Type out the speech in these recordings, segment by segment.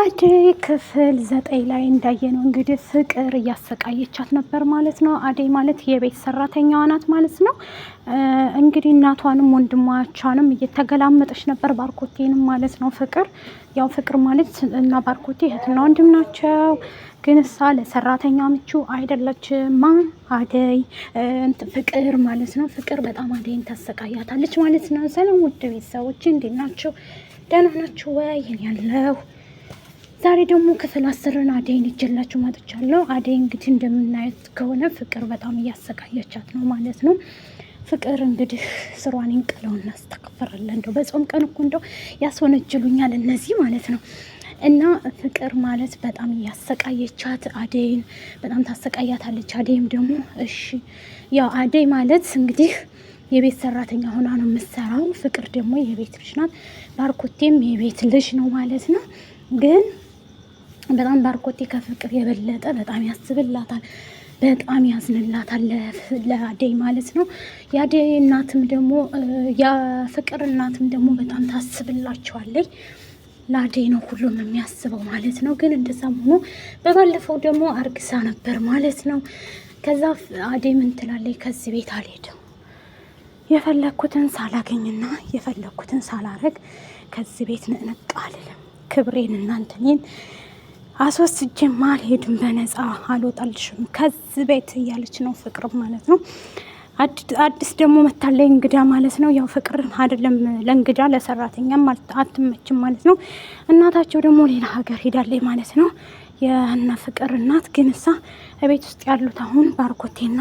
አደይ ክፍል ዘጠኝ ላይ እንዳየነው እንግዲህ ፍቅር እያሰቃየቻት ነበር ማለት ነው። አደይ ማለት የቤት ሰራተኛዋ ናት ማለት ነው። እንግዲህ እናቷንም ወንድማቿንም እየተገላመጠች ነበር፣ ባርኮቴንም ማለት ነው። ፍቅር ያው ፍቅር ማለት እና ባርኮቴ እህትና ወንድም ናቸው። ግን እሷ ለሰራተኛ ምቹ አይደለችም። ማን አደይ ፍቅር ማለት ነው። ፍቅር በጣም አደይን ታሰቃያታለች ማለት ነው። ሰላም ውድ ቤተሰቦች እንዴት ናቸው? ደህና ናችሁ ወይ? ያለው ዛሬ ደግሞ ክፍል አስርን አደይን ይዤላችሁ መጥቻለሁ። አደይ እንግዲህ እንደምናየት ከሆነ ፍቅር በጣም እያሰቃየቻት ነው ማለት ነው። ፍቅር እንግዲህ ስሯን እንቀለው እናስተካፈራለን። እንደው በጾም ቀን እኮ እንደው ያስወነጅሉኛል እነዚህ ማለት ነው። እና ፍቅር ማለት በጣም እያሰቃየቻት አደይን በጣም ታሰቃያታለች። አደይም ደግሞ እሺ ያው አደይ ማለት እንግዲህ የቤት ሰራተኛ ሆና ነው የምትሰራው። ፍቅር ደግሞ የቤት ልጅ ናት። ባርኮቴም የቤት ልጅ ነው ማለት ነው ግን በጣም ባርኮቴ ከፍቅር የበለጠ በጣም ያስብላታል፣ በጣም ያዝንላታል ለአደይ ማለት ነው። የአደይ እናትም ደግሞ የፍቅር እናትም ደግሞ በጣም ታስብላቸዋለች። ለአደይ ነው ሁሉም የሚያስበው ማለት ነው። ግን እንደዛም ሆኖ በባለፈው ደግሞ አርግሳ ነበር ማለት ነው። ከዛ አደይ ምን ትላለች? ከዚህ ቤት አልሄድም የፈለግኩትን ሳላገኝና የፈለግኩትን ሳላረግ ከዚህ ቤት ንቅንቅ አልልም። ክብሬን እናንተኔን አስወስጄም አልሄድም በነፃ አልወጣልሽም ከዚህ ቤት እያለች ነው ፍቅር ማለት ነው። አዲስ ደግሞ መታለ እንግዳ ማለት ነው። ያው ፍቅር አይደለም ለእንግዳ ለሰራተኛም አትመችም ማለት ነው። እናታቸው ደግሞ ሌላ ሀገር ሄዳለች ማለት ነው። የእነ ፍቅር እናት ግን እሳ ቤት ውስጥ ያሉት አሁን ባርኮቴና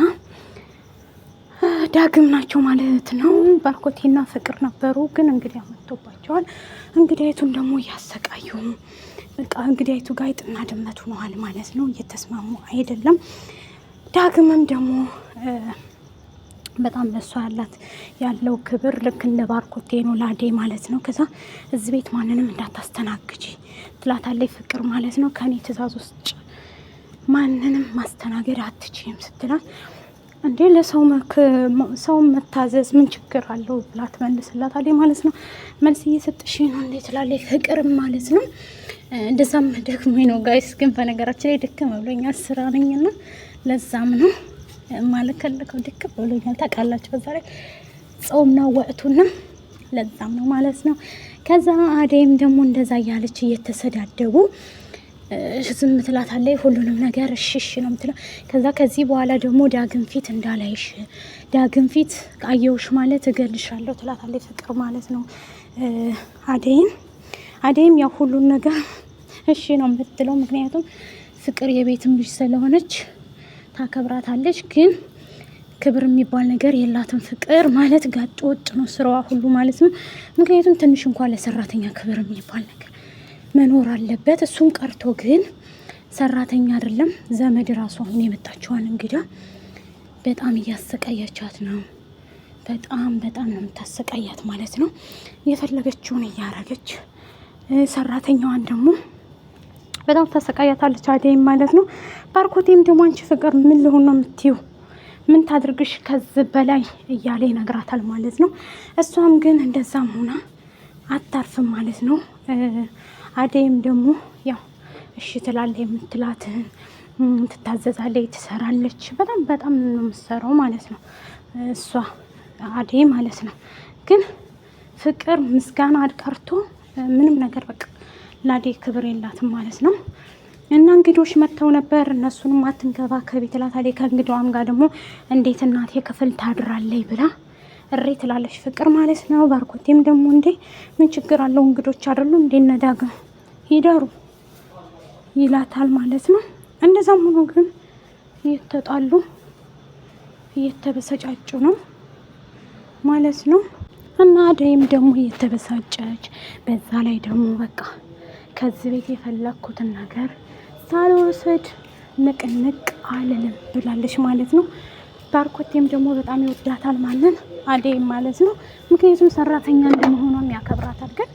ዳግም ናቸው ማለት ነው። ባርኮቴና ፍቅር ነበሩ፣ ግን እንግዲያ መጥቶባቸዋል። እንግዳይቱን ደግሞ እያሰቃዩ በቃ እንግዲህ አይቱ ጋይጥና ድመት ሆነዋል ማለት ነው። እየተስማሙ አይደለም። ዳግምም ደግሞ በጣም ለሷ ያላት ያለው ክብር ልክ እንደ ባርኮቴ ነው ላዴ ማለት ነው። ከዛ እዚህ ቤት ማንንም እንዳታስተናግጂ ትላታለች ፍቅር ማለት ነው። ከኔ ትእዛዝ ውስጥ ማንንም ማስተናገድ አትችም ስትላል እንዴ ለሰው ሰው መታዘዝ ምን ችግር አለው ብላ ትመልስላታለች ማለት ነው። መልስ እየሰጠሽ ነው እንዴ ትላለች። ፍቅርም ማለት ነው እንደዛም ደክሞኝ ነው ጋይስ። ግን በነገራችን ላይ ድክም ብሎኛል ስራ ነኝና ለዛም ነው ማለከልከው ድክም ብሎኛል ታውቃላችሁ። በዛ ላይ ጾም ነው ወቅቱና ለዛም ነው ማለት ነው። ከዛ አደይም ደግሞ እንደዛ እያለች እየተሰዳደቡ ዝም ትላታለች። ሁሉንም ነገር እሽሽ ነው ምትለው። ከዛ ከዚህ በኋላ ደግሞ ዳግም ፊት እንዳላይሽ፣ ዳግም ፊት አየውሽ ማለት እገልሻለሁ ትላታለች። ፍቅር ማለት ነው አደይን። አደይም ያው ሁሉን ነገር እሺ ነው የምትለው። ምክንያቱም ፍቅር የቤትም ልጅ ስለሆነች ታከብራታለች ግን ክብር የሚባል ነገር የላትም። ፍቅር ማለት ጋጥ ወጥ ነው ስራዋ ሁሉ ማለት ነው። ምክንያቱም ትንሽ እንኳን ለሰራተኛ ክብር የሚባል ነገር መኖር አለበት። እሱም ቀርቶ ግን ሰራተኛ አይደለም ዘመድ ራሱ አሁን የመጣችዋን እንግዳ በጣም እያሰቃያቻት ነው። በጣም በጣም ነው የምታሰቃያት ማለት ነው። የፈለገችውን እያረገች ሰራተኛዋን ደግሞ በጣም ታሰቃያታለች አደይም ማለት ነው። ባርኮቴም ደግሞ አንቺ ፍቅር ምን ልሆን ነው የምትይው? ምን ታድርግሽ ከዚህ በላይ እያለ ይነግራታል ማለት ነው። እሷም ግን እንደዛም ሆና አታርፍም ማለት ነው። አደይም ደግሞ ያው እሺ ትላለ የምትላትህን ትታዘዛለች፣ ትሰራለች። በጣም በጣም ነው የምትሰራው ማለት ነው እሷ አደይ ማለት ነው። ግን ፍቅር ምስጋና አድቀርቶ ምንም ነገር በቃ ላዴ ክብር የላትም ማለት ነው። እና እንግዶች መጥተው ነበር። እነሱንም አትንከባከቢ ትላታለች። ከእንግዳዋም ጋር ደግሞ እንዴት እናቴ ክፍል ታድራለች ብላ እሬ ትላለች ፍቅር ማለት ነው። ባርኮቴም ደግሞ እንዴ ምን ችግር አለው እንግዶች አይደሉ እንዴ ነዳግ ይደሩ ይላታል ማለት ነው። እንደዛም ሆኖ ግን እየተጣሉ እየተበሰጫጩ ነው ማለት ነው። እና አደይም ደግሞ እየተበሳጨች በዛ ላይ ደግሞ በቃ ከዚህ ቤት የፈለግኩትን ነገር ሳልወስድ ንቅንቅ አልልም ብላለች ማለት ነው። ባርኮቴም ደግሞ በጣም ይወዳታል ማንን አደይ ማለት ነው። ምክንያቱም ሰራተኛ እንደመሆኗም ያከብራታል። ግን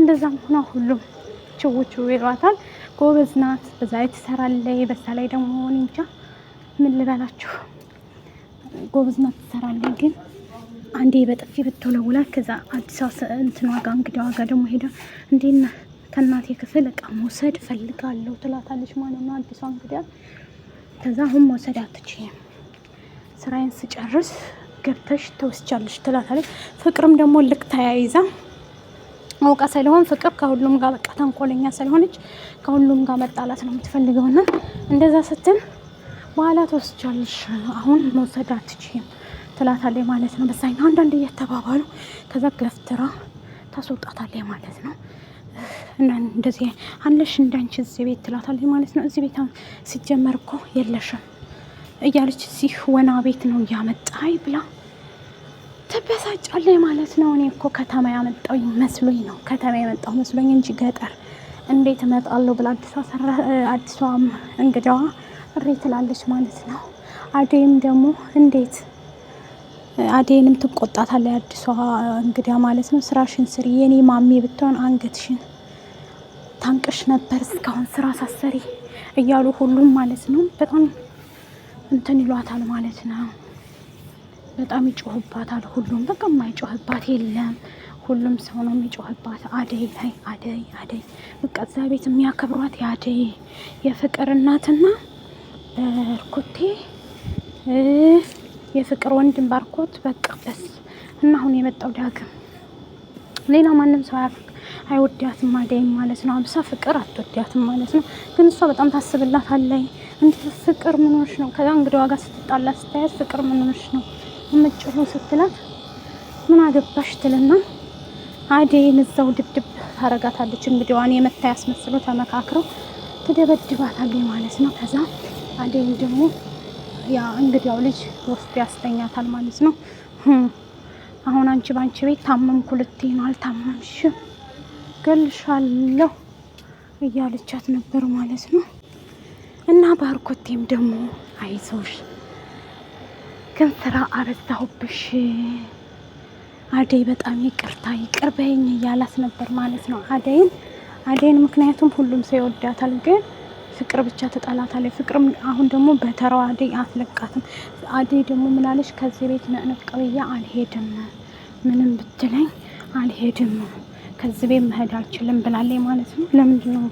እንደዛም ሆኖ ሁሉም ችውቹ ይሏታል። ጎበዝ ናት፣ በዛ ላይ ትሰራለች። በዛ ላይ ደግሞ እኔ እንጃ ምን ልበላችሁ፣ ጎበዝ ናት፣ ትሰራለች። ግን አንዴ በጥፊ ብትወለውላት ከዛ አዲስ እንትን ዋጋ እንግዲህ ዋጋ ደግሞ ሄዳ እንዴና ከእናቴ ክፍል እቃ መውሰድ ፈልጋለሁ ትላታለች ማለት ነው። አዲሷ እንግዲያ ከዛ አሁን መውሰድ አትችይም ስራዬን ስጨርስ ገብተሽ ተወስቻለሽ ትላታለች። ፍቅርም ደግሞ ልክ ተያይዛ አውቃ ሳይሆን ፍቅር ከሁሉም ጋር በቃ ተንኮለኛ ስለሆነች ከሁሉም ጋር መጣላት ነው የምትፈልገውና እንደዛ ስትል በኋላ ተወስቻለሽ አሁን መውሰድ አትችይም ትላታለች ማለት ነው። በዛኛ አንዳንድ እየተባባሉ ከዛ ገፍትራ ታስወጣታለች ማለት ነው። እና እንደዚህ አለሽ እንዳንቺ እዚህ ቤት ትላታለች ማለት ነው። እዚህ ቤት ሲጀመር እኮ የለሽም እያለች እዚህ ወና ቤት ነው እያመጣኝ ብላ ትበሳጫለች ማለት ነው። እኔ እኮ ከተማ ያመጣው መስሎኝ ነው ከተማ ያመጣው መስሎኝ እንጂ ገጠር እንዴት እመጣለሁ ብላ አዲሷ እንግዳዋ እሬ ትላለች ማለት ነው። አዴም ደግሞ እንዴት አዴንም ትቆጣታለች አዲሷ እንግዳ ማለት ነው። ስራሽን ስሪ የኔ ማሜ ብትሆን አንገትሽን ታንቅሽ ነበር እስካሁን ስራ ሳሰሪ እያሉ ሁሉም ማለት ነው በጣም እንትን ይሏታል ማለት ነው። በጣም ይጮህባታል። ሁሉም በቃ የማይጮህባት የለም። ሁሉም ሰው ነው የሚጮህባት። አደይ ላይ አደይ አደይ በቃ እዛ ቤት የሚያከብሯት የአደይ የፍቅር እናትና በርኮቴ የፍቅር ወንድም ባርኮት በቃ በስ እና አሁን የመጣው ዳግም ሌላ ማንም ሰው አይወዳትም አደይ ማለት ነው። አብሳ ፍቅር አትወዳትም ማለት ነው። ግን እሷ በጣም ታስብላት አለኝ እንዴት ፍቅር ምንሆንሽ ነው? ከዛ እንግዲህ ዋጋ ስትጣላ ስታያት ፍቅር ምንሆንሽ ነው የምትጮሁ ስትላት ምን አገባሽ ትልና አዴ እዛው ድብድብ ታረጋታለች። እንግዲህ ዋን የመታ ያስመስሎ ተመካክረው ትደበድባታለች ማለት ነው። ከዛ አዴይን ደግሞ ያ እንግዲያው ልጅ ወስዶ ያስተኛታል ማለት ነው። አሁን አንቺ ባንቺ ቤት ታመምኩ ልትይ ነው? አልታመምሽም ገልሻለሁ እያለቻት ነበር ማለት ነው። እና ባርኮቴም ደግሞ አይዞሽ፣ ግን ስራ አበዛሁብሽ አደይ በጣም ይቅርታ ይቅርበኝ እያላት ነበር ማለት ነው አደይን አደይን ምክንያቱም ሁሉም ሰው ይወዳታል፣ ግን ፍቅር ብቻ ተጠላታለች ፍቅርም አሁን ደግሞ በተራው አደይ አትለቃትም። አደይ ደግሞ ምላለች ከዚህ ቤት ነቅነቅ ብያ አልሄድም፣ ምንም ብትለኝ አልሄድም ከዚህ ቤት መሄድ አልችልም ብላለች ማለት ነው። ለምንድን ነው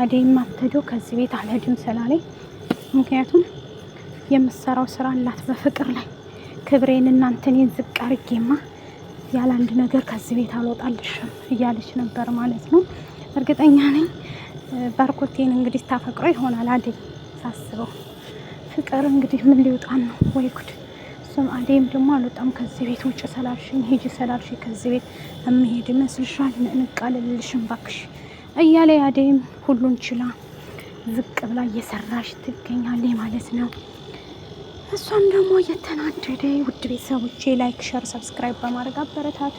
አደይ የማትሄደው ከዚህ ቤት አልሄድም ስላለኝ? ምክንያቱም የምሰራው ስራ አላት በፍቅር ላይ ክብሬን እናንተኔን ዝቅ አርጌማ ያለ አንድ ነገር ከዚህ ቤት አልወጣልሽም እያለች ነበር ማለት ነው። እርግጠኛ ነኝ ባርኮቴን እንግዲህ ታፈቅሮ ይሆናል አደይ ሳስበው። ፍቅር እንግዲህ ምን ሊውጣን ነው ወይ ጉድ እሱም አደይም ደግሞ አልወጣም ከዚህ ቤት ውጭ ሰላልሽኝ ሂጂ ሰላልሽ ከዚህ ቤት የምሄድ ይመስልሻል? እንቃልልሽም ባክሽ እያለ አደይም ሁሉን ችላ ዝቅ ብላ እየሰራሽ ትገኛለች ማለት ነው። እሷም ደግሞ እየተናደደ ውድ ቤተሰቦቼ ላይክ፣ ሸር፣ ሰብስክራይብ በማድረግ አበረታቱ።